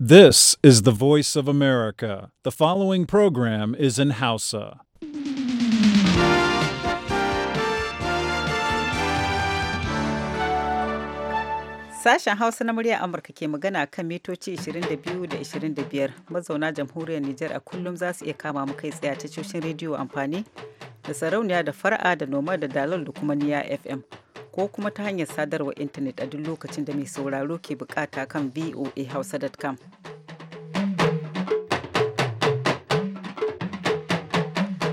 This is the voice of America. The following program is in Hausa. Sashen Hausa na murya Amurka ke magana kan mitoci 22 da 25 mazauna jamhuriyar Nijar a kullum za su iya kama mu kai tsaye ta cocin rediyo amfani da sarauniya da fara'a da noma da dalol da kuma niya FM. ko kuma ta hanyar sadarwar intanet a duk lokacin da mai sauraro ke bukata kan voahausa.com.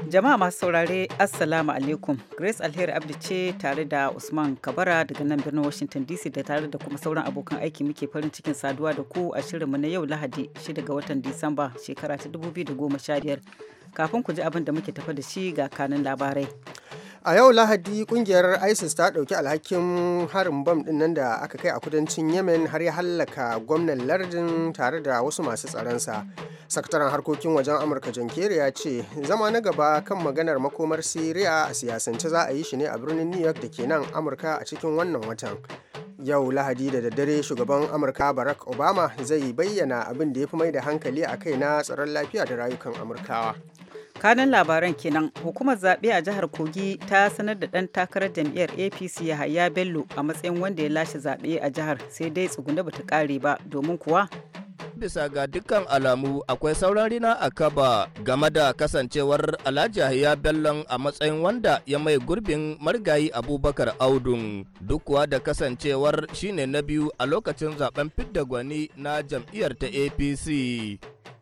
Jama'a masu saurare Assalamu alaikum. Grace Alheri Abdi ce tare da Usman Kabara daga nan birnin Washington DC da tare da kuma sauran abokan aiki muke farin cikin saduwa da ku a shirinmu na yau Lahadi 6 ga watan Disamba shekara ta 2015. Kafin ku ji abin da muke tafa da shi ga kanin labarai. a yau lahadi kungiyar isis ta dauki alhakin harin bom din nan da aka kai a kudancin yemen har ya hallaka gwamnan lardin tare da wasu masu tsaronsa sakataren harkokin wajen amurka john kerry ya ce zama na gaba kan maganar makomar syria a siyasance za a yi shi ne a birnin new york da ke nan amurka a cikin wannan watan yau lahadi da daddare shugaban amurka barack obama zai bayyana abin da ya fi mai da hankali a kai na tsaron lafiya da rayukan amurkawa kanan labaran kenan hukumar zaɓe a jihar kogi ta sanar da ɗan takarar jam'iyyar apc yahaya bello a matsayin wanda ya lashe zaɓe a jihar sai dai tsuguna bata kare ba domin kuwa bisa ga dukkan alamu akwai sauran rina a kaba game da kasancewar alhaji yahaya bellon a matsayin wanda ya mai gurbin marigayi abubakar audun duk kuwa da kasancewar shine na biyu a lokacin zaben fidda gwani na jam'iyyar ta apc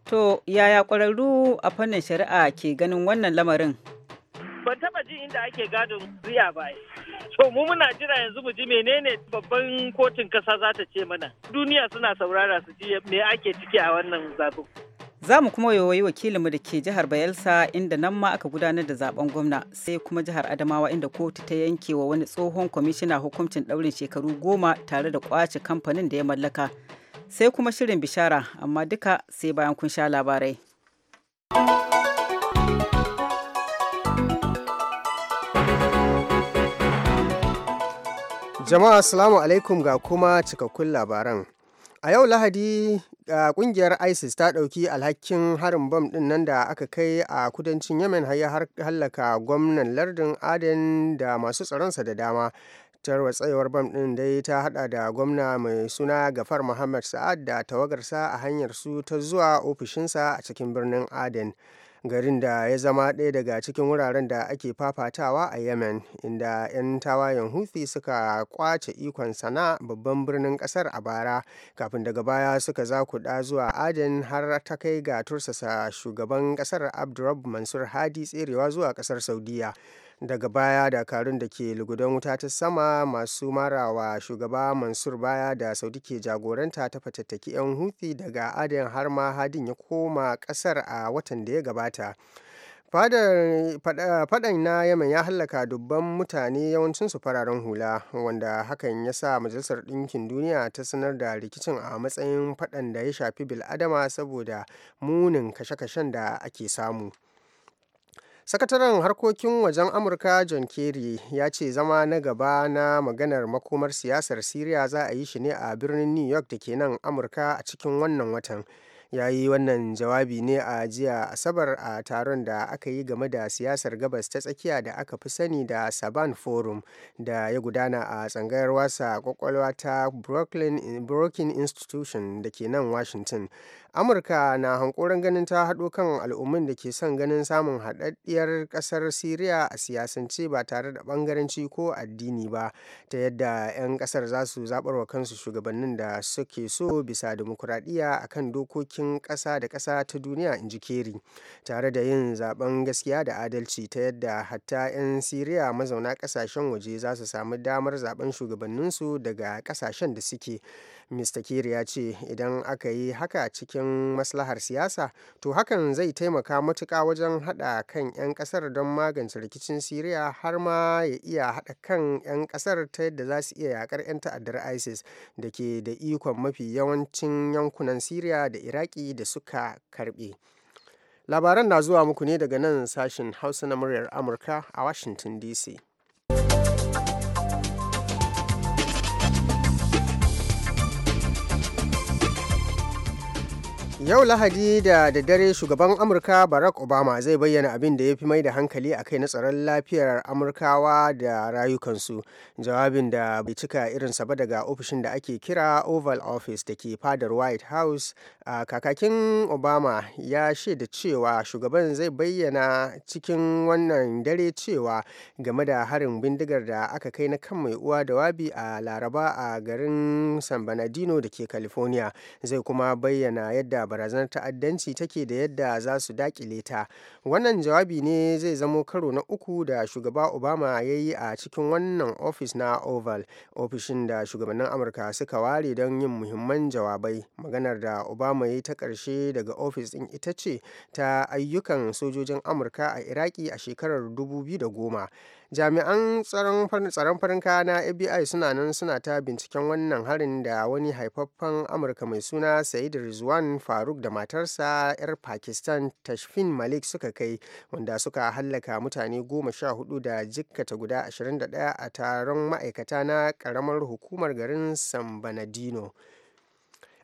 To yaya ƙwararru a fannin shari'a ke ganin wannan lamarin? Ban taba jin inda ake gadon riya ba. To mu muna jira yanzu mu ji menene babban kotun kasa za ta ce mana. Duniya suna saurara su ji me ake ciki a wannan zaɓen. Za mu kuma yoyi wakilinmu da ke jihar Bayelsa inda nan ma aka gudanar da zaben gwamna sai kuma jihar Adamawa inda kotu ta yanke wa wani tsohon kwamishina hukuncin ɗaurin shekaru goma tare da kwace kamfanin da ya mallaka. sai kuma shirin bishara amma duka sai bayan kun sha labarai. Jama'a Assalamu alaikum ga kuma cikakkun labaran. A yau Lahadi da kungiyar ISIS ta ɗauki alhakin harin bom ɗin nan da aka kai a kudancin Yemen har ya hallaka gwamnan lardin Aden da masu tsaronsa da dama. tsayuwar bam ɗin dai ta hada da gwamna mai suna gafar muhammad sa'ad da tawagarsa a hanyar su ta zuwa ofishinsa a cikin birnin aden garin da ya zama ɗaya daga cikin wuraren da ake fafatawa a yemen inda 'yan tawayen houthi suka kwace ikon sana babban birnin ƙasar a bara kafin daga baya suka zakuɗa zuwa aden har ta kai ga tursasa shugaban ƙasar abdurrahman mansur hadi tserewa zuwa ƙasar saudiya daga baya dakarun da ke lugudan wuta ta sama masu marawa shugaba mansur baya da saudi ke jagoranta ta fatattaki 'yan huthi daga adin har ma hadin ya koma kasar a watan da ya gabata fadan na yaman ya hallaka dubban mutane yawancinsu fararen hula wanda hakan ya sa majalisar ɗinkin duniya ta sanar da rikicin a matsayin fadan da ya shafi bil'adama saboda munin kashe-kashen da ake samu sakataren harkokin wajen amurka john kerry ya ce zama na gaba na maganar makomar siyasar syria za a yi shi ne a birnin new york da ke nan amurka a cikin wannan watan ya yi wannan jawabi ne a jiya asabar a taron da aka yi game da siyasar gabas ta tsakiya da aka fi sani da saban forum da ya gudana a tsangayar wasa kwakwalwa ta brooklyn, brooklyn institution da ke nan washington amurka na hankoron ganin ta haɗo kan al'ummin da ke son ganin samun haɗaɗɗiyar ƙasar siriya a siyasance ba tare da ɓangarenci ko addini ba ta yadda 'yan ƙasar za su zaɓarwa kansu shugabannin da suke so bisa dimokuraɗiyya kan dokokin ƙasa da ƙasa ta duniya in ji keri tare da yin zaben gaskiya da adalci ta yadda hatta 'yan siriya mazauna ƙasashen waje za su samu damar zaben shugabanninsu daga ƙasashen da suke mr Kiri ya ce idan aka yi haka cikin maslahar siyasa to hakan zai taimaka matuƙa wajen haɗa kan 'yan ƙasar don magance rikicin siriya har ma ya iya haɗa kan 'yan ƙasar ta yadda za su iya yaƙar 'yan ta'addar isis da ke da ikon mafi yawancin yankunan siriya da iraki da suka karɓe labaran na zuwa muku ne daga nan sashen hausa na muryar amurka a washington dc Yau Lahadi da daddare shugaban Amurka Barack Obama zai bayyana abin da ya fi mai da hankali a kai na tsaron lafiyar Amurkawa da rayukansu. Jawabin da bai cika irinsa ba daga ofishin da ake kira Oval Office da ke fadar White House. A kakakin Obama ya shaida cewa shugaban zai bayyana cikin wannan dare cewa game da harin bindigar da aka kai na kan mai uwa da wabi a Laraba a garin San Bernardino da ke California. Zai kuma bayyana yadda barazanar ta'addanci take da yadda za su dakile ta wannan jawabi ne zai zamo karo na uku da shugaba obama ya yi a cikin wannan ofis na oval ofishin da shugabannin amurka suka ware don yin muhimman jawabai maganar da obama ya yi ta ƙarshe daga ofis ɗin ita ce ta ayyukan sojojin amurka a iraki a shekarar 2010 jami'an tsaron farin kaya na fbi suna nan suna ta binciken wannan harin da wani haifaffen amurka mai suna sa'id rizwan faruk da matarsa 'yar pakistan tashfin malik suka kai wanda suka hallaka mutane goma sha hudu da jikkata guda 21 a taron ma'aikata na karamar hukumar garin san banadino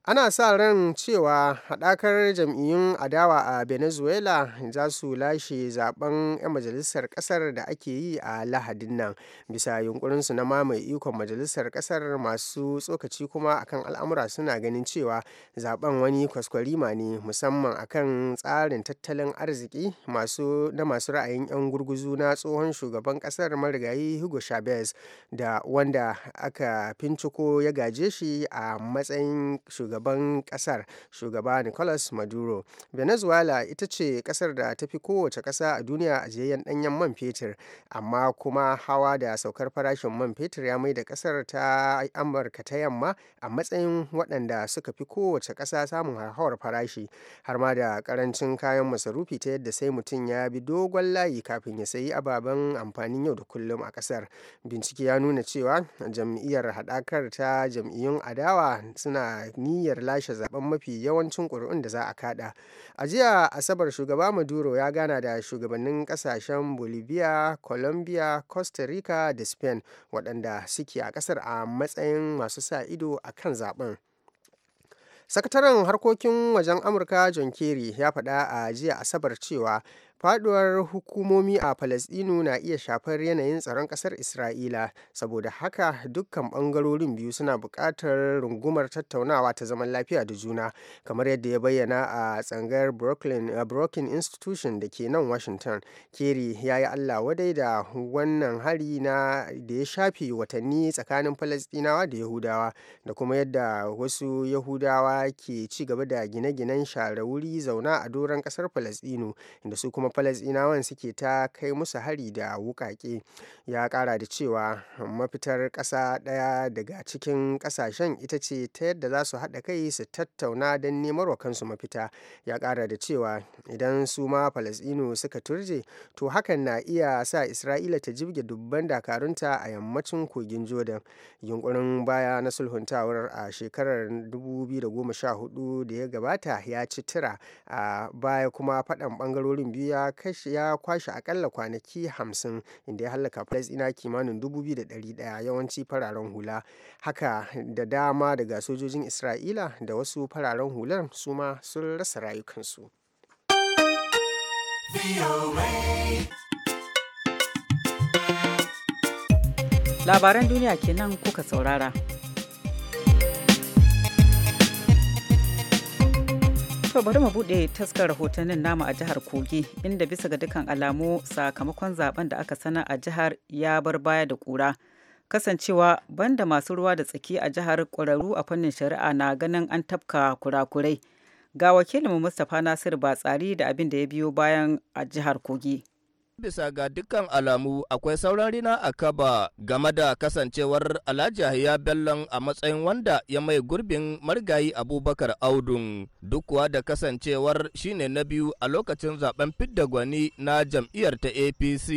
ana sa ran cewa haɗakar jam'iyyun adawa a venezuela za su lashe zaben 'yan majalisar ƙasar da ake yi a lahadin nan bisa yunkurinsu na mamaye ikon majalisar ƙasar masu tsokaci kuma akan al'amura suna ganin cewa zaben wani kwaskwarima ne musamman akan tsarin tattalin arziki masu na masu ra'ayin 'yan gurguzu na tsohon shugaban ƙasar marigayi hugo chavez da wanda aka finciko ya gaje shi a matsayin shugaban shugaban kasar shugaba nicolas maduro venezuela ita ce kasar da ta fi kowace kasa a duniya a jiyayyen danyen man fetur amma kuma hawa da saukar farashin man fetur ya mai da kasar ta amurka ta yamma a matsayin waɗanda suka fi kowace kasa samun hauhawar farashi har ma da karancin kayan masarufi ta yadda sai mutum ya bi dogon layi kafin ya sayi ababen amfanin yau da kullum a kasar bincike ya nuna cewa jam'iyyar haɗakar ta jam'iyyun adawa suna niyya niyyar lashe zaben mafi yawancin ƙuri'un da za a kada a jiya asabar shugaba maduro ya gana da shugabannin ƙasashen bolivia colombia costa rica da spain waɗanda suke a ƙasar a matsayin masu sa ido a kan zaben sakataren harkokin wajen amurka john kerry ya faɗa a jiya asabar cewa faduwar hukumomi a falasɗinu na iya shafar yanayin tsaron kasar isra'ila saboda haka dukkan bangarorin biyu suna bukatar rungumar tattaunawa ta zaman lafiya da juna kamar yadda ya bayyana a tsangayar brooklyn, uh, institution da ke nan washington keri ya yi allah wadai da wannan hari na da ya shafi watanni tsakanin falasdinawa da yahudawa da kuma yadda wasu yahudawa ke ci gaba da gine-ginen share wuri zauna a doron kasar falasɗinu da su kuma kuma suke ta kai musu hari da wukake ya kara da cewa mafitar ƙasa ɗaya daga cikin ƙasashen ita ce ta yadda za su haɗa kai su tattauna don nemar wa kansu mafita ya kara da cewa idan su ma falasɗinu suka turje to hakan na iya sa isra'ila ta jibge dubban dakarunta a yammacin kogin jordan yunkurin baya na sulhuntawar a shekarar 2014 da ya gabata ya ci tira a baya kuma faɗan ɓangarorin biyu ya kashe ya kwashe akalla kwanaki hamsin inda ya hallaka ina kimanin dubu biyu da ɗari ɗaya yawanci fararen hula haka da dama daga sojojin isra'ila da wasu fararen hular su ma sun rasa rayukansu. Labaran duniya kenan kuka saurara. To bari mu bude taskar rahotannin namu a jihar Kogi inda bisa ga dukkan alamu sakamakon zaben da aka sana a jihar ya bar baya da kura. Kasancewa banda masu ruwa da tsaki a jihar ƙwararru a fannin shari'a na ganin an tafka kurakurai. Ga wakilin Mustapha Nasiru tsari da abin da ya biyo bayan a jihar Kogi. bisa ga dukkan alamu akwai sauran rina a kaba game da kasancewar alhaji yahya bellon a matsayin wanda ya mai gurbin marigayi abubakar audun duk kuwa da kasancewar shine na biyu a lokacin zaben fidda gwani na jam'iyyar ta apc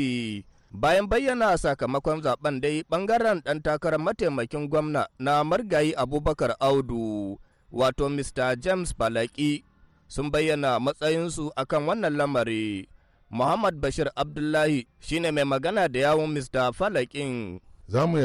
bayan bayyana sakamakon zaben dai bangaren dan takarar mataimakin gwamna na marigayi abubakar audu wato mr james balaki sun bayyana matsayinsu akan wannan lamari Muhammad Bashir Abdullahi shine mai magana da yawon Mr. Falakin. Za mu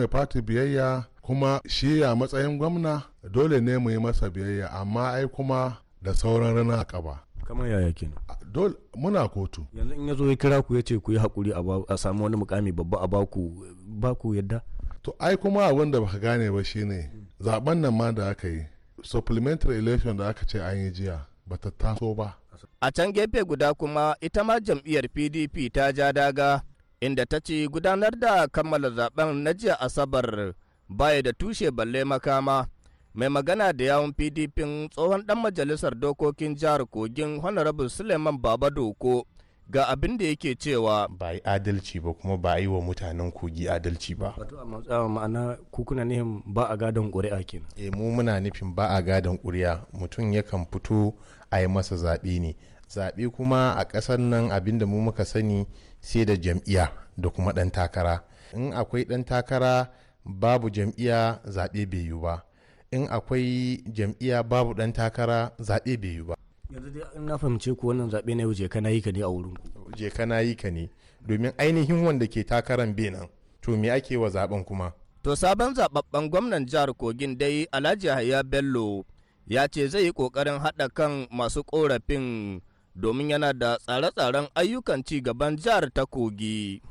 ya fati biyayya kuma shi a matsayin gwamna dole ne mu yi masa biyayya amma ai kuma da sauran rana kaba. kamar yaya kenan dole muna kotu yanzu in yazo ya kira ku ya ce ku yi hakuri a samu wani mukami babba a baku baku yadda to ai kuma abin da baka gane ba shine zaben nan ma da aka yi supplementary election da aka ce an yi jiya bata taso ba a can gefe guda kuma ita ma jam'iyyar pdp ta ja daga inda ta ci gudanar da kammala zaben na jiya asabar baya da tushe balle makama mai magana da yawon pdp tsohon dan majalisar dokokin jihar kogin honorable suleiman baba doko ga abin da yake cewa ba yi adalci ba kuma ba yi wa mutanen kogi adalci ba wato ma'ana kukuna nufin ba a gadon ƙuri'a kenan eh mu muna nufin ba a gadon ƙuri'a mutum yakan fito a yi masa zaɓe ne zaɓe kuma a ƙasar nan abin da mu muka sani sai da jam'iyya da kuma ɗan takara in akwai ɗan takara babu jam'iyya zaɓe bai yiwu ba in akwai jam'iyya babu ɗan takara zaɓe bai yi ba yanzu dai in na fahimce ku wannan zaɓe na yau je kana yi ka ne a wurin je kana yi ka ne domin ainihin wanda ke takaran nan to me ake wa zaɓen kuma to sabon zaɓaɓɓen gwamnan jihar kogin dai alhaji hayya bello ya ce zai yi kokarin haɗa kan masu korafin domin yana da tsare-tsaren ayyukan ci gaban jihar ta kogi.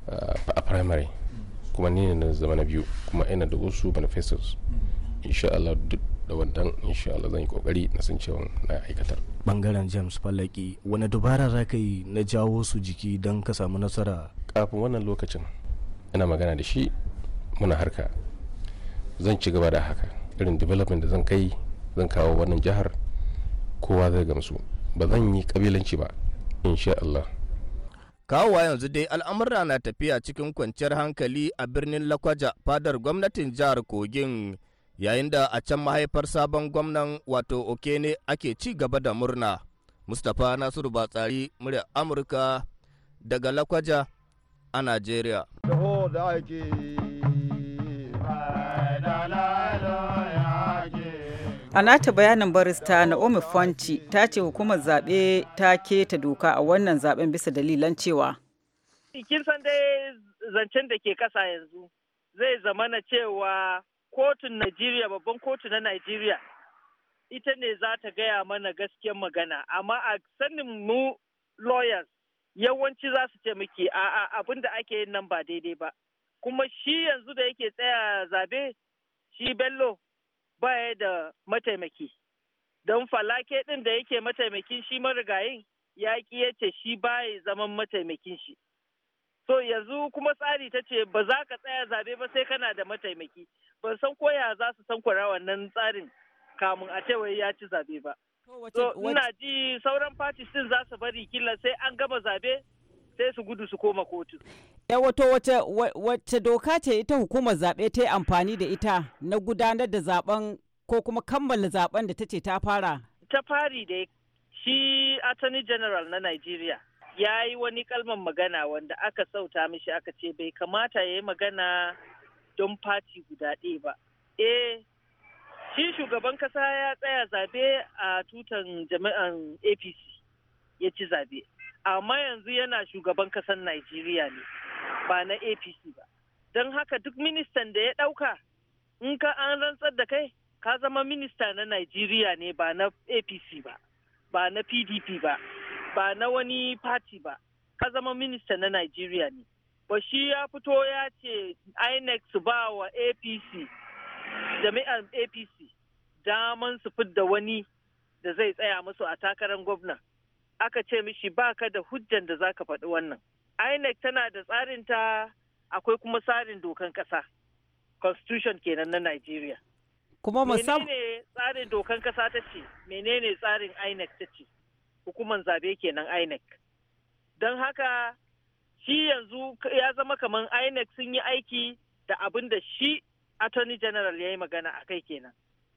a primary kuma ni ne na zama na biyu kuma ina da wasu manifestos insha Allah duk da wannan insha Allah zan yi kokari na san cewa na aikatar bangaren James Falaki wani dubara za ka yi na jawo su jiki don ka samu nasara kafin wannan lokacin ina magana da shi muna harka zan ci gaba da haka irin development da zan kai zan kawo wannan jihar kowa zai gamsu ba zan yi kabilanci ba insha Allah kawowa yanzu dai al'amura na tafiya cikin kwanciyar hankali a birnin lakwaja fadar gwamnatin jihar kogin yayin da a can mahaifar sabon gwamnan wato okene ake ci gaba da murna mustapha nasiru batsari murya amurka daga lakwaja a nigeria. a nata bayanin barista naomi Fanci ta ce hukumar zaɓe ta keta doka a wannan zaɓen bisa dalilan cewa kin san dai zancen da ke ƙasa yanzu zai zamana cewa kotun najeriya babban kotu na najeriya ita ne za ta gaya mana gaskiyar magana amma a sanin mu lawyers yawanci za su ce muke a'a abin da ake yin nan ba daidai ba kuma shi yanzu da yake tsaya zabe shi bello baya da mataimaki don falake ɗin da yake mataimakin shi marigayin ya ƙi ya shi baya zaman mataimakin shi so yanzu kuma tsari ta ce ba za ka tsaya zabe ba sai kana da mataimaki ban san koya za su san kwara wannan tsarin kamun a ce ya ci zabe ba so ina ji sauran parties din za su bari kila sai an gama zabe sai su gudu su koma kotu Ya wato wace, doka ce ita hukumar zaɓe ta yi amfani da ita na gudanar da zaben ko kuma kammala zaɓen da ta ce ta fara? Ta fari da shi Attorney General na Nigeria ya yi wani kalman magana wanda aka sauta mishi aka ce bai kamata ya yi magana don fati guda ɗaya ba. Eh, shi shugaban kasa ya tsaya zabe a tutan jami'an APC ya ci zabe. Amma yanzu yana shugaban ƙasar Najeriya ne. ba na apc ba don haka duk ministan da ya ɗauka in ka an rantsar da kai ka zama minista na najeriya ne ba na apc ba ba na pdp ba ba na wani party ba ka zama minista na najeriya ne ba shi ya fito ya ce inec su ba wa apc jami'ar apc daman su fidda wani da zai tsaya musu a takarar gwamna aka ce mishi ba ka da hujjan da za ka faɗi wannan inec tana da tsarinta akwai kuma tsarin dokan ƙasa constitution kenan na nigeria kuma musam menene tsarin dokan ƙasa ta ce menene tsarin inec ta ce hukuman zabe kenan inec don haka shi yanzu ya zama kamar inec sun yi aiki da abin da shi attorney general ya yi magana a kai kenan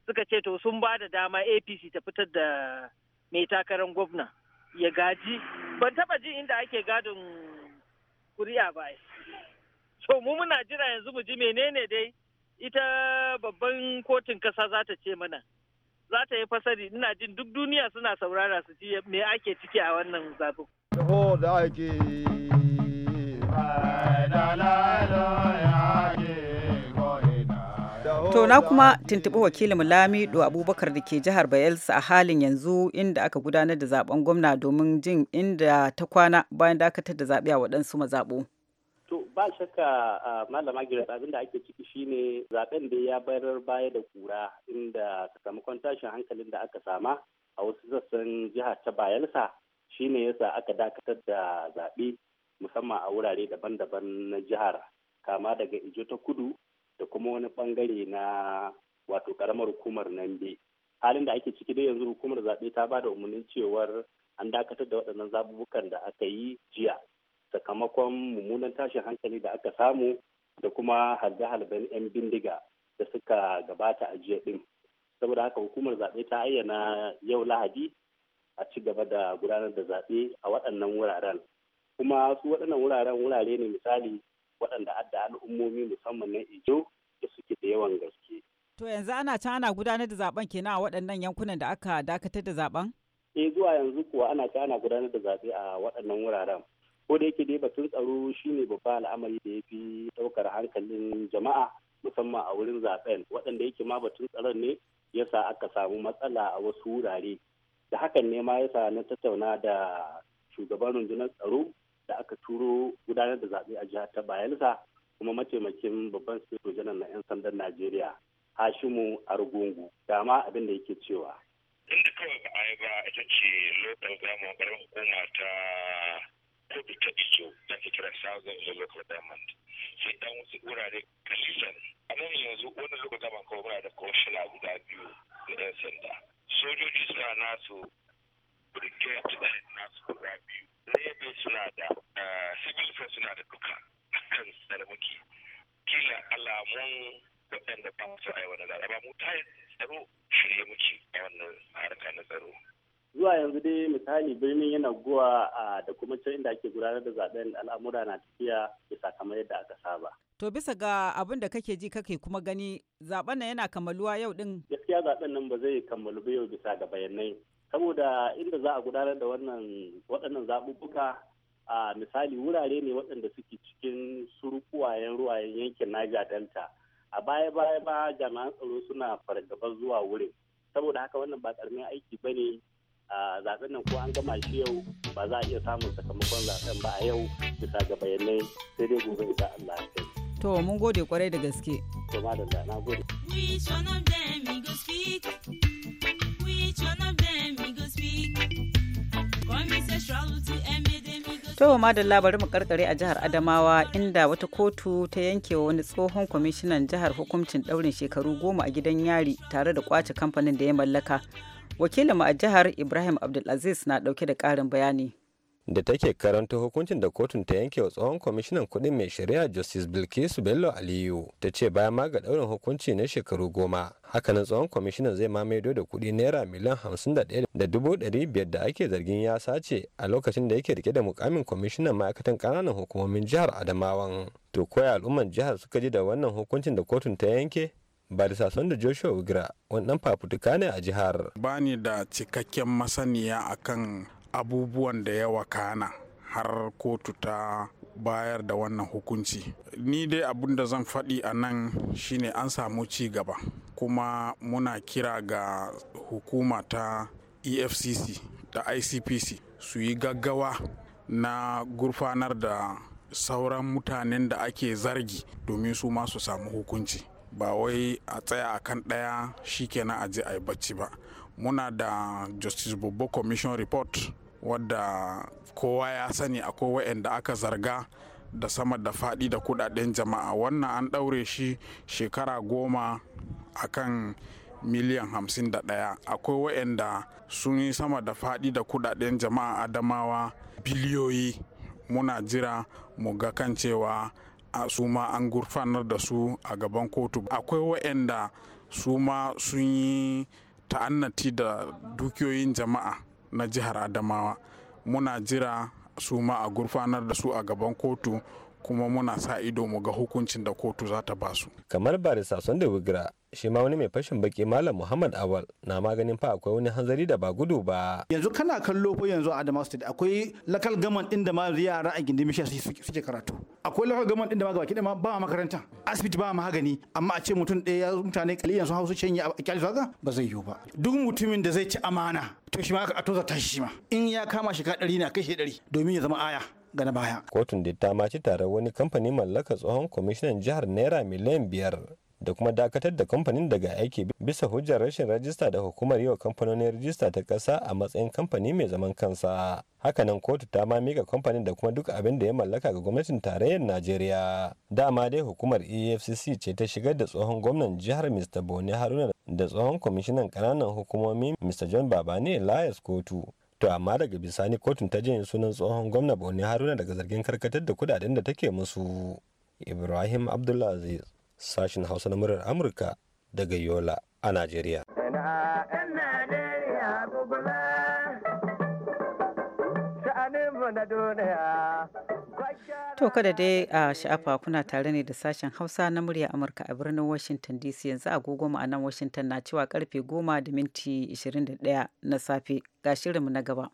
suka ce to sun ba da dama apc ta fitar da mai takarar gwamna ya gaji ban taba jin inda ake gadin kuri'a ba so mu muna jira yanzu mu ji menene dai ita babban kotun kasa za ta ce mana za ta yi fasari ina jin duk duniya suna saurara su ji me ake ciki a wannan zafin da ake To na kuma tuntuɓi wakilin Lamido Abubakar da ke jihar Bayelsa a halin yanzu inda aka gudanar da zaben gwamna domin jin inda ta kwana bayan dakatar da zaɓe a waɗansu mazaɓo. To ba shakka malama gira abin da ake ciki shine zaben da ya bayar baya da kura inda ka samu kwantashin hankalin da aka sama a wasu sassan jihar ta Bayelsa shine yasa aka dakatar da zaɓe musamman a wurare daban-daban na jihar kama daga Ijo ta Kudu da kuma wani bangare na wato karamar hukumar nambe halin da ake ciki dai yanzu hukumar zaɓe ta ba da umarnin cewar an dakatar da waɗannan zabubukan da aka yi jiya sakamakon mummunan tashin hankali da aka samu da kuma halbe-halben 'yan bindiga da suka gabata a jiya din saboda haka hukumar zaɓe ta ayyana yau lahadi a ci gaba da gudanar da zaɓe a waɗannan wuraren kuma su waɗannan wuraren wurare ne misali waɗanda adda al'ummomi musamman na ijo da suke da yawan gaske. To yanzu ana can ana gudanar da zaben kenan a waɗannan yankunan da aka dakatar da zaben? Eh zuwa yanzu kuwa ana can ana gudanar da zaɓe a waɗannan wuraren. Ko da yake dai batun tsaro shine babban al'amari da ya fi ɗaukar hankalin jama'a musamman a wurin zaben waɗanda yake ma batun tsaron ne yasa aka samu matsala a wasu wurare. Da hakan ne ma yasa na tattauna da shugaban rundunar tsaro da aka turo gudanar da zaɓe a jihar ta bayelsa kuma mataimakin babban sirri janar na 'yan sandan najeriya hashimu argungu dama abin da yake cewa inda kawai ba a yi ba ita ce lokal zamu ƙarar hukuma ta kudu ta iso da ke kira southern local government sai dan wasu wurare kalisan a nan yanzu wani lokacin zaman kawai muna da kwamishina guda biyu na 'yan sanda sojoji suna nasu brigade nasu guda biyu navy suna da eh, civil defense suna da duka kan sarmuki kila alamun waɗanda ba su a wani ba mu ta yi tsaro shirye muke a wannan harka na tsaro. Zuwa yanzu dai misali birnin yana guwa da kuma can inda ake gudanar da zaben al'amura na tafiya bisa kamar yadda aka saba. To bisa ga abin da kake ji kake kuma gani zaɓen nan yana kammaluwa yau din. Gaskiya zaben nan ba zai kammalu ba yau bisa ga bayanai saboda inda za a gudanar da wannan waɗannan zaɓuɓɓuka a misali wurare ne waɗanda suke cikin surukuwayen ruwayen yankin Niger Delta a baya baya ba jami'an tsaro suna fargabar zuwa wurin saboda haka wannan ba ƙaramin aiki ba ne a zaɓen nan ko an gama shi yau ba za a iya samun sakamakon zaɓen ba a yau bisa ga bayanai sai dai gobe idan Allah ya To mun gode kwarai da gaske. To ma da na gode. To madalla bari mu karkare a jihar Adamawa inda wata kotu ta yanke wa wani tsohon kwamishinan jihar hukuncin daurin shekaru goma a gidan yari tare da kwace kamfanin da ya mallaka. Wakilinmu a jihar Ibrahim Abdulaziz na dauke da karin bayani. da take karanta hukuncin da kotun ta yanke wa tsohon kwamishinan kuɗin mai shari'a justice bilkisu bello aliyu ta ce bayan ma ga ɗaurin hukunci na shekaru goma hakanan tsohon kwamishinan zai maido da kuɗi naira miliyan hamsin da ɗaya da dubu ɗari biyar da ake zargin ya sace a lokacin da yake rike da mukamin kwamishinan ma'aikatan kananan hukumomin jihar adamawan to koya al'umman jihar suka ji da wannan hukuncin da kotun ta yanke ba da sason da joshua wani ɗan fafutuka ne a jihar ba ni da cikakken masaniya akan abubuwan da yawa kana har kotu ta bayar da wannan hukunci ni dai abin da zan faɗi a nan shine an samu ci gaba kuma muna kira ga hukuma ta efcc da icpc su yi gaggawa na gurfanar da sauran mutanen da ake zargi domin su ma su samu hukunci ba wai a tsaya a kan ɗaya shi kenan a je a yi bacci ba muna da justice bobo commission report wadda kowa ya sani akwai wa'anda aka zarga da sama da faɗi da kudaden jama'a wannan an ɗaure shi shekara goma a kan miliyan hamsin da ɗaya akwai wa'anda sun yi sama da faɗi da kudaden jama'a adamawa biliyoyi muna jira mu ga kan cewa a su ma an gurfanar da su a gaban kotu akwai wa'anda su ma sun yi ta'annati da dukiyoyin jama'a na jihar adamawa muna jira su ma a gurfanar da su a gaban kotu kuma muna sa ido mu ga hukuncin da kotu za ta ba su. Kamar ba da Wigra shi ma wani mai fashin baki Malam Muhammad Awal na maganin fa akwai wani hanzari da ba gudu ba. Yanzu kana kallo ko yanzu a Adamawa State akwai lakal gaman din da ma yara a gindin mishiya suke karatu. Akwai lakal gaman din da ma gabaki ma ba makaranta. Asibiti ba magani amma a ce mutum ɗaya mutane kaliyan sun hausu yi a kyali zaga ba zai yiwu ba. Duk mutumin da zai ci amana to shi ma a toza tashi shi ma. In ya kama shi ka ɗari na kai shi ɗari domin ya zama aya. ga na baya kotun da ta maci tare wani kamfani mallaka tsohon kwamishinan jihar naira miliyan biyar da kuma dakatar da kamfanin daga aiki bisa hujjar rashin rajista da hukumar yiwa kamfanonin rajista ta ƙasa a matsayin kamfani mai zaman kansa hakanan kotu ta ma mika kamfanin da kuma duk abin da ya mallaka ga gwamnatin tarayyar najeriya dama dai hukumar efcc ce ta shigar da tsohon gwamnan jihar mr bone haruna da tsohon kwamishinan kananan hukumomi mr john babane layas kotu to amma daga bisani kotun ta janye sunan tsohon gwamna Borno Haruna daga zargin karkatar da kudaden da take musu Ibrahim Abdulaziz sashin Hausa na murar Amurka daga Yola a Najeriya. na duniya To kada dai a sha'afa kuna tare ne da sashen Hausa na murya Amurka a birnin Washington DC yanzu agogo a nan Washington na cewa karfe 10 da minti 21 na safe ga shirinmu na gaba.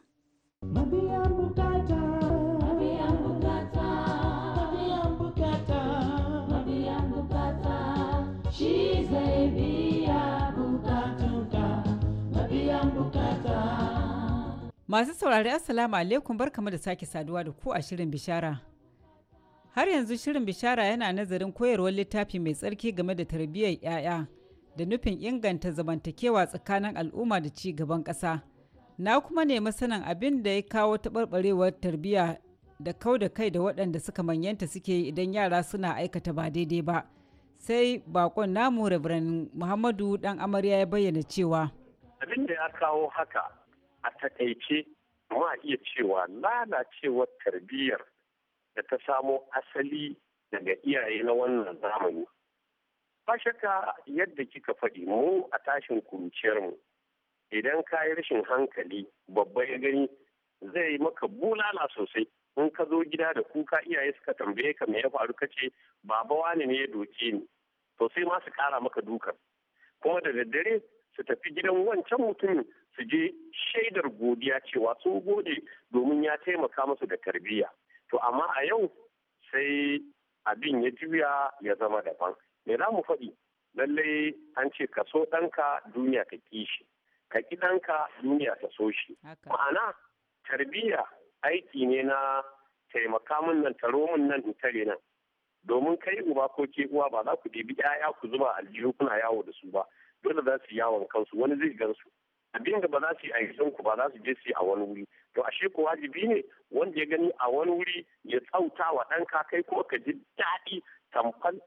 Masu saurari Assalamu alaikum barkamu da sake saduwa da ku a shirin bishara Har yanzu shirin bishara yana nazarin koyarwar littafi mai tsarki game da tarbiyyar 'ya'ya da nufin inganta zamantakewa tsakanin al'umma da ci gaban ƙasa. Na kuma nemi sanin abin da ya kawo taɓarɓarewar tarbiyya da kau da kai da waɗanda suka manyanta suke yi idan yara suna aikata ba daidai ba. Sai bakon namu rabirin Muhammadu dan amarya ya bayyana cewa. Abin da ya kawo haka a takaice ma iya cewa lalacewar tarbiyyar da ta samo asali daga iyaye na wannan zamani. Ba shakka yadda kika faɗi mu a tashin mu idan ka yi rashin hankali babba ya gani zai yi maka bulala sosai in ka zo gida da kuka iyaye suka tambaye ka me ya faru ka ce baba wani ne ya doke ni to sai ma su kara maka dukan kuma da daddare su tafi gidan wancan mutumin su je shaidar godiya cewa sun gode domin ya taimaka musu da tarbiyya to amma a yau sai abin ya juya ya zama daban me za mu faɗi lallai an ce ka so ɗanka duniya ka ƙi shi ka ƙi ɗanka duniya ta so shi ma'ana tarbiyya aiki ne na taimaka min nan taro min nan in tare nan domin kai uba ko ke uwa ba za ku ɗebi 'ya'ya ku zuba aljihu kuna yawo da su ba dole za su yawon kansu wani zai gansu. abin da ba za su yi a ku ba za su je su yi a wani wuri to ashe ko wajibi ne wanda ya gani a wani wuri ya tsauta wa ɗanka kai ko ka ji daɗi tamfan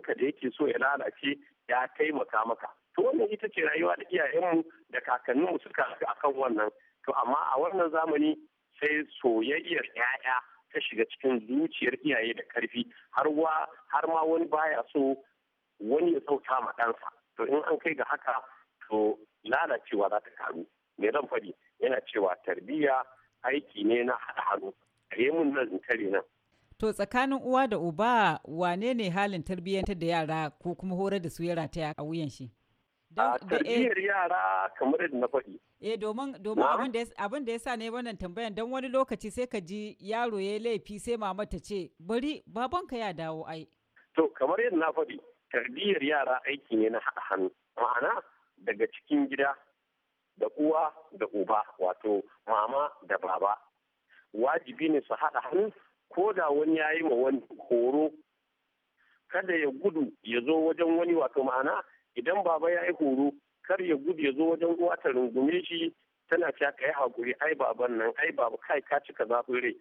ka da yake so ya lalace ya taimaka maka to wannan ita ce rayuwa da iyayenmu da kakanninmu suka a akan wannan to amma a wannan zamani sai soyayyar 'ya'ya ta shiga cikin zuciyar iyaye da karfi har wa har ma wani baya so wani ya sauta ma ɗansa to in an kai ga haka to lalacewa za ta karu mai zan faɗi yana cewa tarbiyya aiki ne na haɗa hannu kare mun nan in kare nan to tsakanin uwa da uba wane ne halin tarbiyyantar da yara ko kuma horar da su yara ta a wuyan shi a eh, tarbiyyar yara kamar da na faɗi eh domin abin da ya sa ne wannan tambayan don wani lokaci sai ka ji yaro ya laifi sai mama ta ce bari babanka ya dawo ai to kamar yadda na faɗi tarbiyyar yara aiki ne na haɗa hannu ma'ana daga cikin gida da uwa da uba wato mama da baba wajibi ne su haɗa hannu ko da wani ya yi ma wani horo kada ya gudu ya zo wajen wani wato ma'ana idan baba ya yi horo kar ya gudu ya zo wajen uwa ta rungume shi tana cewa ka yi haƙuri ai baban nan ai baba kai ka cika zafin rai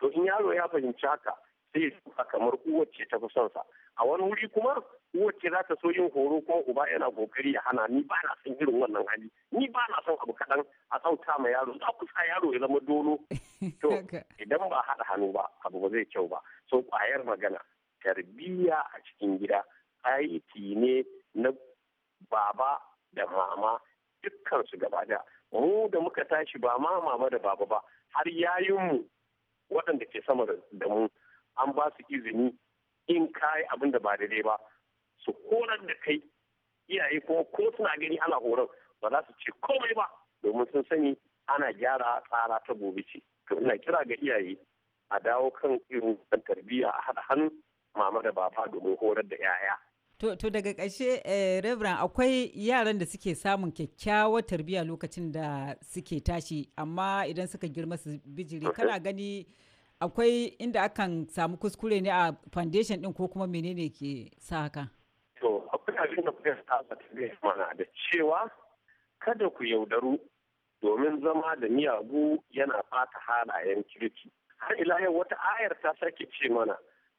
to in yaro ya fahimci haka zai a kamar uwacce ta fi son sa a wani wuri kuma uwacce za ta so yin horo ko uba yana kokari ya hana ni ba na son irin wannan hali ni ba na son abu kaɗan a sauta ma yaro za ku sa yaro ya zama dolo to idan ba haɗa hannu ba abu ba zai kyau ba so ƙwayar magana tarbiyya a cikin gida aiki ne na baba da mama dukkan su gaba da mu da muka tashi ba ma mama da baba ba har yayinmu waɗanda ke sama da mu an ba su izini in kayi abin da ba daidai ba su horar da kai iyaye kuma ko suna gani ana horar ba za su ce komai ba domin sun sani ana gyara tsara ta gobe ce to ina kira ga iyaye a dawo kan irin tarbiyya a haɗa hannu mama da baba domin horar da 'ya'ya To, to daga ƙarshe eh, Reverend akwai yaran da suke samun kyakkyawar tarbiyya lokacin da suke tashi amma idan suka girma su bijiri kana gani akwai inda akan samu kuskure ne a foundation din ko kuma menene ke sa haka to akwai abin da kuka saba mana da cewa kada ku yaudaru domin zama da miyagu yana fata halayen kirki har ila yau wata ayar ta sake ce mana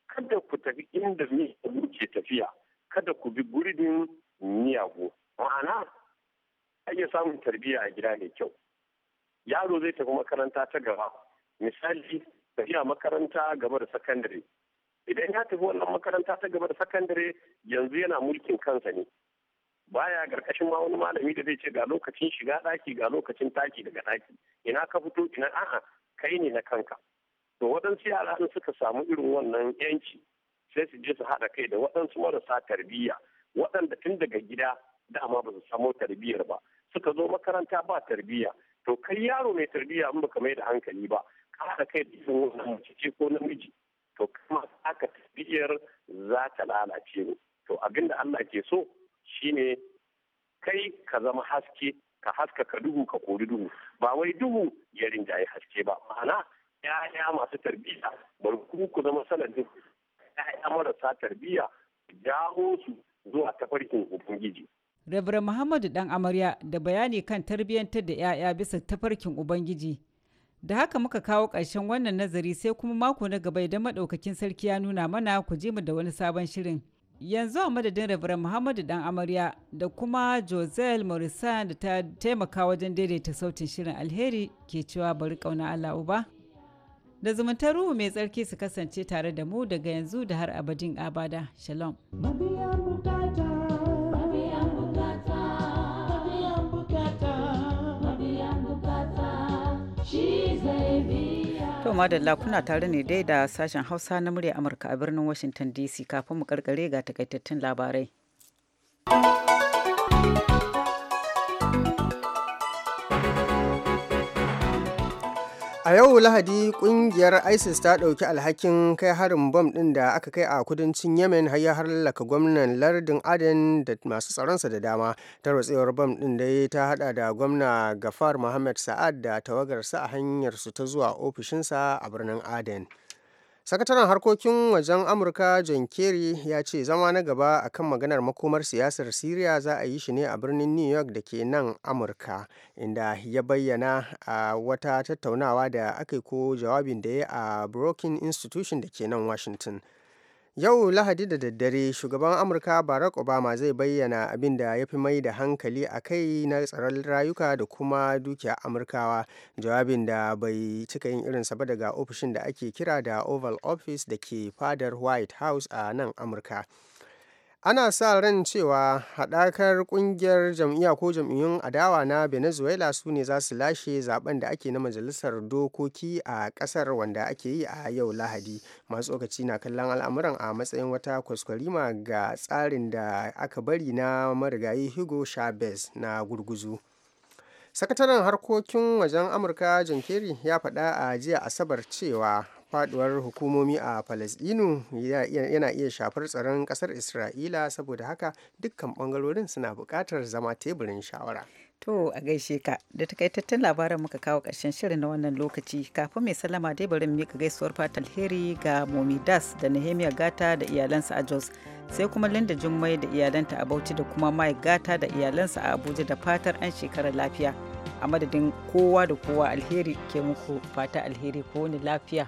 kada ku tafi inda miyagu ke tafiya kada ku bi gurbin miyagu ma'ana ake samun tarbiyya a gida mai kyau yaro zai tafi makaranta ta gaba misali tafiya makaranta gaba da sakandare idan ya tafi wannan makaranta ta gaba da sakandare yanzu yana mulkin kansa ne baya karkashin ma wani malami da zai ce ga lokacin shiga ɗaki ga lokacin taki daga ɗaki ina ka fito ina a'a kai ne na kanka to waɗansu yara in suka samu irin wannan yanci sai su je su haɗa kai da waɗansu marasa tarbiyya waɗanda tun daga gida dama ba su samu tarbiyyar ba suka zo makaranta ba tarbiyya to kai yaro mai tarbiyya in baka mai da hankali ba kara kai da irin wannan mace ko namiji to kuma aka tafiyar za ta lalace ne to abinda Allah ke so shine kai ka zama haske ka haska ka duhu ka kori duhu ba wai duhu ya rinjaye haske ba ma'ana ya'ya masu tarbiyya bari ku ku zama sanadin ya'ya marasa tarbiyya jawo su zuwa tafarkin ubangiji Rabar Muhammadu Dan Amarya da bayani kan tarbiyyantar da 'ya'ya bisa tafarkin Ubangiji Da haka muka kawo ƙarshen wannan nazari sai kuma mako na gaba idan maɗaukakin sarki ya nuna mana ku je mu da wani sabon shirin. Yanzu a madadin rabar Muhammadu Dan Amarya da kuma Josel Morrison da ta taimaka wajen daidaita sautin shirin alheri ke cewa bari ƙauna Allah Uba. Da zumuntar ruhu mai tsarki su kasance tare da mu daga yanzu da har abadin abada. Shalom. To madalla kuna tare ne dai da sashen Hausa na murya Amurka a birnin Washington DC kafin mu karkare ga takaitattun labarai. a yau lahadi kungiyar isis ta dauki alhakin kai harin bom ɗin da aka kai a kudancin yemen har ya harlaka gwamnan lardin aden da masu tsaronsa da dama ta tarwatsewar bom ɗin dai ta hada da gwamna gafar mohammed sa'ad da tawagarsa a hanyarsu ta zuwa ofishinsa a birnin aden sakataren harkokin wajen amurka john kerry ya ce zama na gaba a kan maganar makomar siyasar syria za a yi shi ne a birnin new york da ke nan amurka inda ya bayyana a wata tattaunawa da aka ko jawabin da ya a brookings institution da ke nan washington Yau Lahadi da daddare shugaban Amurka Barack Obama zai bayyana abin da ya fi mai da hankali a kai na tsaron rayuka da kuma dukiya Amurkawa jawabin da bai cika yin irinsa ba daga ofishin da ake kira da Oval Office da ke fadar White House a nan Amurka. ana sa ran cewa haɗakar ƙungiyar jam'iyya ko jam'iyyun adawa na venezuela su ne za su lashe zaben da ake na majalisar dokoki a ƙasar wanda ake yi a yau lahadi masu tsokaci na kallon al'amuran a matsayin wata kwaskwarima ga tsarin da aka bari na marigayi hugo chavez na gurguzu sakataren harkokin wajen amurka john kerry ya faɗa a jiya asabar cewa faduwar hukumomi a falasdinu yana iya shafar tsaron kasar isra'ila saboda haka dukkan bangarorin suna bukatar zama teburin shawara to a gaishe ka da takaitattun labaran muka kawo karshen shirin na wannan lokaci kafin mai sallama dai bari mika gaisuwar fatan alheri ga das da nehemiya gata da iyalansa a jos sai kuma linda jummai da iyalanta a bauchi da kuma mai gata da iyalansa a abuja da fatar an shekarar lafiya a madadin kowa da kowa alheri ke muku fata alheri ko wani lafiya